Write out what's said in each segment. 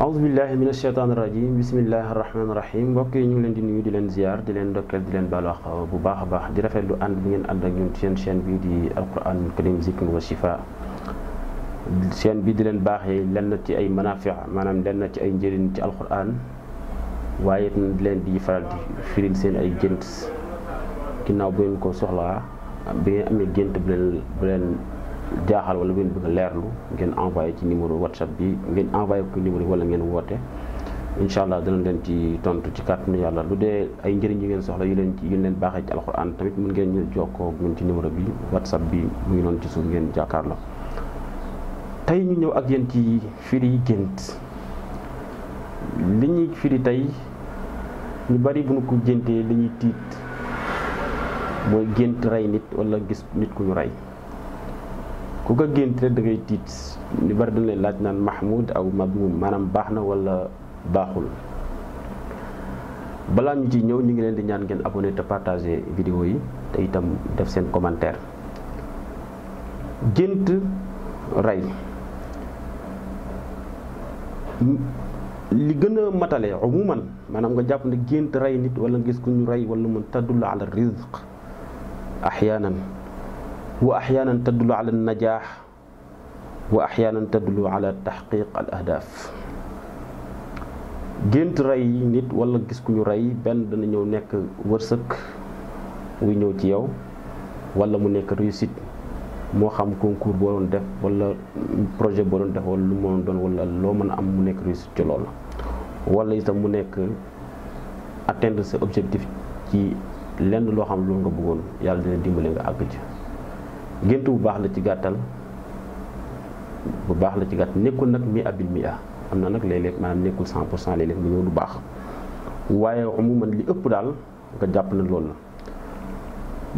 aousubillahi min asheytaan irajim a arrahmanirahim mbokk yi ñu ngi leen di nuyu di leen ziar di leen ndokkeel di leen baal wax bu baax baax di rafetlu ànd bi ngeen ànd ak ñun seen chaîne bii di alquranul karim zikr wa shifa chaîne bii di leen baaxee lenn ci ay manafi maanaam na ci ay njëriñ ci alquran waaye di leen di faral di firil seen ay gént ginnaaw bu ngeen ko soxlaa bi ngeen amee gént bu leen jaaxal wala bu ngeen bëgg leerlu ngeen envoyé ci numéro whatsapp bi ngeen envoyé ko numéro wala ngeen woote incha allah dana leen ci tontu ci kàttanu yàlla lu dee ay njëriñ yu ngeen soxla yu leen ci yu leen baaxee ci alxuraan tamit mën ngeen ñu jokkoo ñun ci numéro bi whatsapp bi mu ngi noonu ci suuf ngeen jàkkaarloo. tey ñu ñëw ak yéen ci firi gént li ñuy firi tey ñu bari bu ñu ko géntee li ñuy tiit mooy gént rey nit wala gis nit ku ñu rey. ku ko gént rek da tiit li bari dañ lay laaj naan mahmoud aw madmum maanaam baax na wala baaxul balaa ñu ci ñëw ñu ngi leen di ñaan ngeen abonné te partagé vidéo yi te itam def seen commentaire gént rey li gën a matale umuman maanaam nga jàpp ne gént rey nit wala gis ku ñu rey wala mun taddulla ala rizq axyaanan wa axyaanan tadulu ala najaax wa tëdd lu ala taxqiq al ahdaaf gént rey nit wala gis ku ñu rey benn dana ñëw nekk wërsëg wuy ñëw ci yow wala mu nekk réussite moo xam concours boo doon def walla projet boo doon def wala lu moo doon wala loo mën a am mu nekk réussite ci loolu wala itam mu nekk attend sa objectif ci lenn loo xam loolu nga bëggoon yàlla dina dimbale nga àgg ci gént bu baax la ci gàttal bu baax la ci gàtt nekkul nag mi abil mi ah am na nag léeg-léeg maanaam nekkul 100 pour cent léeg mu ñëw lu baax waaye umuman li ëpp daal nga jàpp na loolu la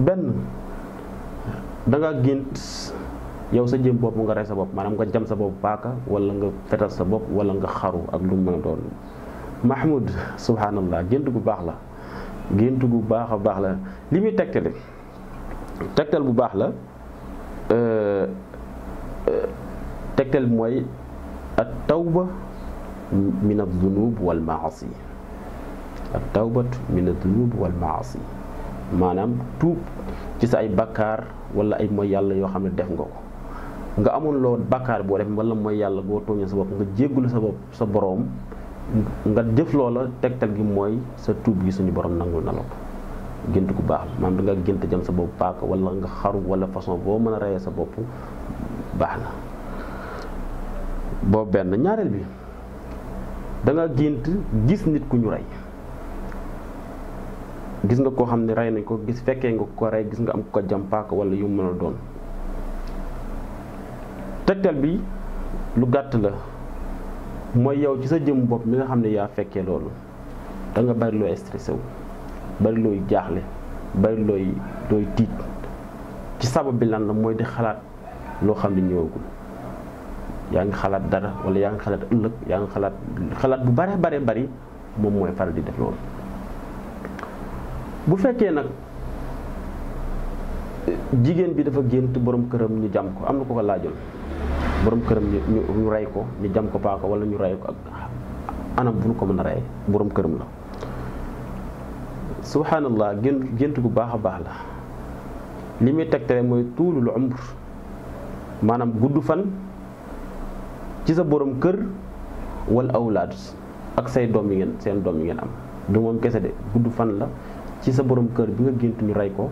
benn da gént yow sa jëm bopp nga rey sa bopp maanaam nga jam sa bopp paaka wala nga fetal sa bopp wala nga xaru ak lu mu mën a doon mahmoud subhanallah gént bu baax la gént bu baax a baax la li muy tegtale tegtal bu baax la Euh, euh, tegtal bi mooy at tawba min adunub wal maasi at tawbatu min adunub wal maasi maanaam tuub ci sa ay bakkaar walla ay mooy yàlla yoo xam ne def nga ko nga amoon loo bakkaar boo def wala mooy yàlla goo tooñee sa bopp nga jéggulu sa bopp sa boroom nga jëf loola tegtal gi mooy sa tuub gi suñu boroom nangul na la ko gént gu baax maanaam da nga gént jëm sa bopp paaka wala nga xaru wala façon boo mën a reyee sa bopp baax na boobu benn ñaareel bi da gént gis nit ku ñu rey gis nga koo xam ne rey nañ ko gis fekkee nga ko rey gis nga am ko jam paaka wala yu mën a doon tegtal bi lu gàtt la mooy yow ci sa jëm bopp mi nga xam ne yaa fekkee loolu da nga bari loo stressé wu bari looy jaaxle bari looy looy tiit ci sabab bi lan la mooy di xalaat loo xam ne ñëwagul yaa ngi xalaat dara wala yaa ngi xalaat ëllëg yaa ngi xalaat bu bare bare bari moom mooy faral di def loolu bu fekkee nag jigéen bi dafa gént boroom këram ñu jam ko am na ko ko laajoon borom këram ñu ñu rey ko ñu jam ko paaka wala ñu rey ko ak anam bu ñu ko mën a rey borom këram la subhanallah génn gént gu baax a baax la li muy teg tere mooy tuulul umr maanaam gudd fan ci sa borom kër wala awlaad ak say doom yi ngeen seen doom yi ngeen am du moom kese de gudd fan la ci sa borom kër bi nga gént ñu rey ko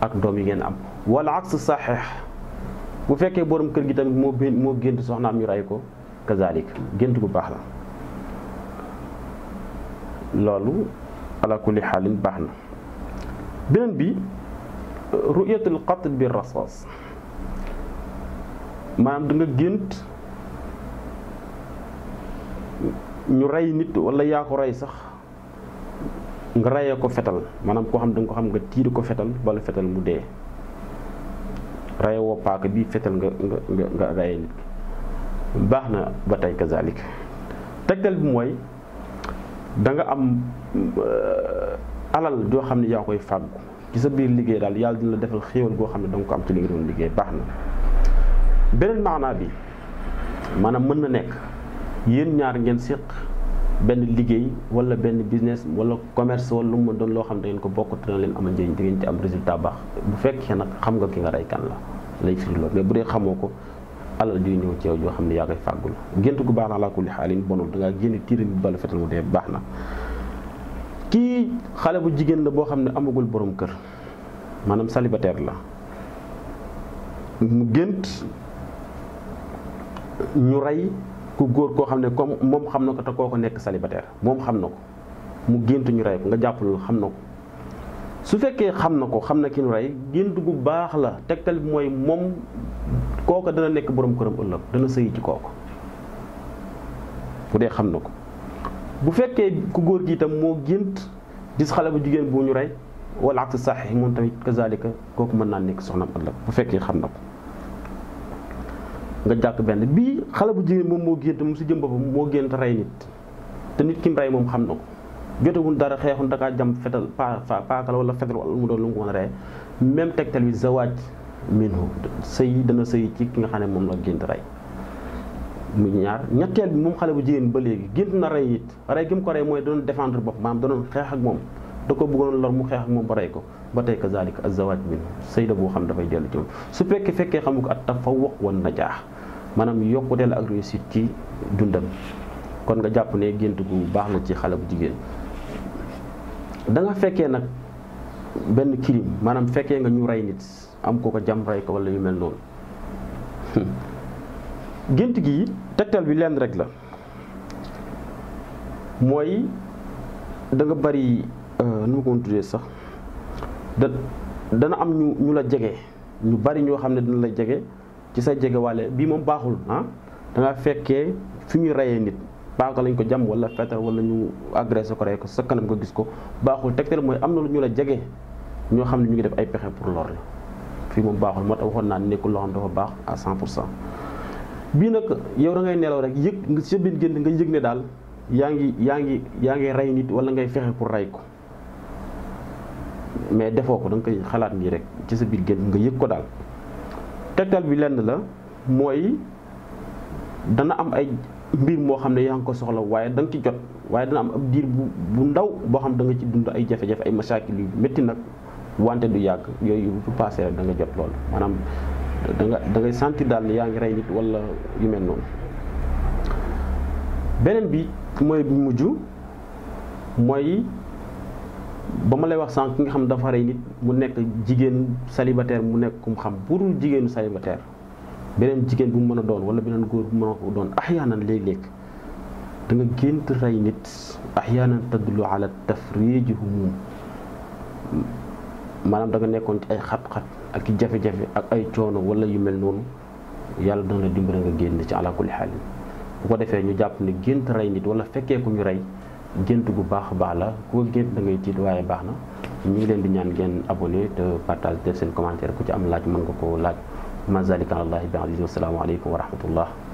ak doom yi ngeen am wala aks saxiix bu fekkee borom kër gi tamit moo moo gént am ñu rey ko kazalik gént gu baax la loolu ala xaalin baax na beneen bi ruyatul qatl bi rasaas maanaam da gént ñu rey nit wala yaa ko rey sax nga reyee ko fetal maanaam koo xam da nga ko xam nga tiir ko fetal bala fetal mu dee reye woo paaka bii fetal nga nga nga nga nit baax na ba tey kazalik tegtal bi mooy da nga am euh, alal joo xam ne yaa koy fàggu ci sa biir liggéey daal yàlla dina la defal xéewal goo xam ne danga ko am ci li nga doon liggéey baax na beneen maanaa bi maanaam mën na nekk yéen ñaar ngeen séq benn liggéey wala benn business wala commerce wala lu mu doon loo xam ne da ko bokk dina leen amal njëriñ di ngeen ci am résultat baax bu fekkee nag xam nga ki nga rey kan la lay firi loolu mais bu dee xamoo ko alal juy ñëw ci yow joo xam ne yaa koy fàggul gént gu baax na laa kulli xaalin bonul da ngaa génne tiiram bi bala fetal mu dee baax na kii xale bu jigéen la boo xam ne amagul borom kër maanaam célibataire la mu gént ñu rey ku góor koo xam ne comme moom xam na ko te koo ko nekk célibataire moom xam na ko mu gént ñu rey ko nga jàpp xam na ko su fekkee xam na ko xam na ki ñu rey gént gu baax la tegtal bi mooy moom kooka dana nekk borom këram ëllëg dana sëyi ci kooku bu dee xam na ko bu fekkee ku góor gi itam moo gént gis xale bu jigéen bu ñu rey walla ak saxix moom tamit kazalika kooku mën naa nekk soxna soxnaam ëllëg bu fekkee xam na ko nga jàkk benn bii xale bu jigéen moom moo gént moom si jëm boppam moo gént rey nit te nit ki mu rey moom xam na ko jotewuñ dara xeexuñ dakaa jam fetal paakal wala fetal wala mu doon lu mu ko mën a rey même tegtal bi zawaaj minhu sëy dana sëy ci ki nga xam ne moom la gént rey mu ñaar ñetteel bi moom xale bu jigéen ba léegi gént na rey it rey gi mu ko rey mooy doon défendre bopp maam doon xeex ak moom da ko bëggoon lor mu xeex ak moom ba rey ko ba tey kazalik azawaaj minhu sëy la boo xam dafay dellu ci moom su fekkee fekkee xamu ko at tafawuq wan najaax maanaam yokkuteel ak réussite ci dundam kon nga jàpp gént gu baax la ci xale bu jigéen da nga fekkee nag benn crime maanaam fekkee nga ñu rey nit am ko ko jam rey ko wala yu mel noonu hmm. gént gi tegtal bi lenn rek la mooy danga nga bari euh, nu ma ko mën tuddee sax da dana am ñu ñu la jege ñu bari ñoo xam ne dina la jege ci sa jegewaale bii moom baaxul ah da nga fekkee fi ñuy reyee nit. paaka lañ ko jam wala fetal wala ñu agressé ko rey ko sa kanam nga gis ko baaxul tegtal mooy am na lu ñu la jege ñoo xam ne ñu ngi def ay pexe pour lor la fii moom baaxul moo tax waxoon naa nekkul loo xam dafa baax à 100 pour cent bii nag yow da ngay nelaw rek yëg nga sa biir nga yëg ne daal yaa ngi yaa ngi yaa ngi rey nit wala ngay fexe pour rey ko mais defoo ko da koy xalaat nii rek ci sa biir génn nga yëg ko daal tegtal bi lenn la mooy dana am ay mbir moo xam ne yaa ngi ko soxla waaye danga nga jot waaye dana am ab diir bu bu ndaw boo xam da nga ci dund ay jafe-jafe ay masaakil yu metti nag wante du yàgg yooyu bu passé rek da nga jot loolu maanaam da nga da ngay sentir daal ne yaa ngi rey nit wala yu mel noonu beneen bi mooy bi mujj mooy ba ma lay wax sànq ki nga xam dafa rey nit mu nekk jigéen célibataire mu nekk kum xam burul jigéenu célibataire beneen jigéen bu mu mën a doon wala beneen góor bu mu mën a doon axyaanan léeg-léeg da gént rey nit tëdd axyaanan tadlu ala tafriji humum maanaam danga nekkoon ci ay xat-xat ak i jafe-jafe ak ay coono wala yu mel noonu yàlla dana la dimbale nga génn ci ala kulli xaalin bu ko defee ñu jàpp ni gént rey nit wala fekkee ku ñu rey gént gu baax baax la ku ko gént da ngay tiit waaye baax na ñu leen di ñaan ngeen abonné te partage def seen commentaire ku ci am laaj mën nga ko laaj ma zalika ala allahi bi aziz wasalaamu aleykum wa rahmatullah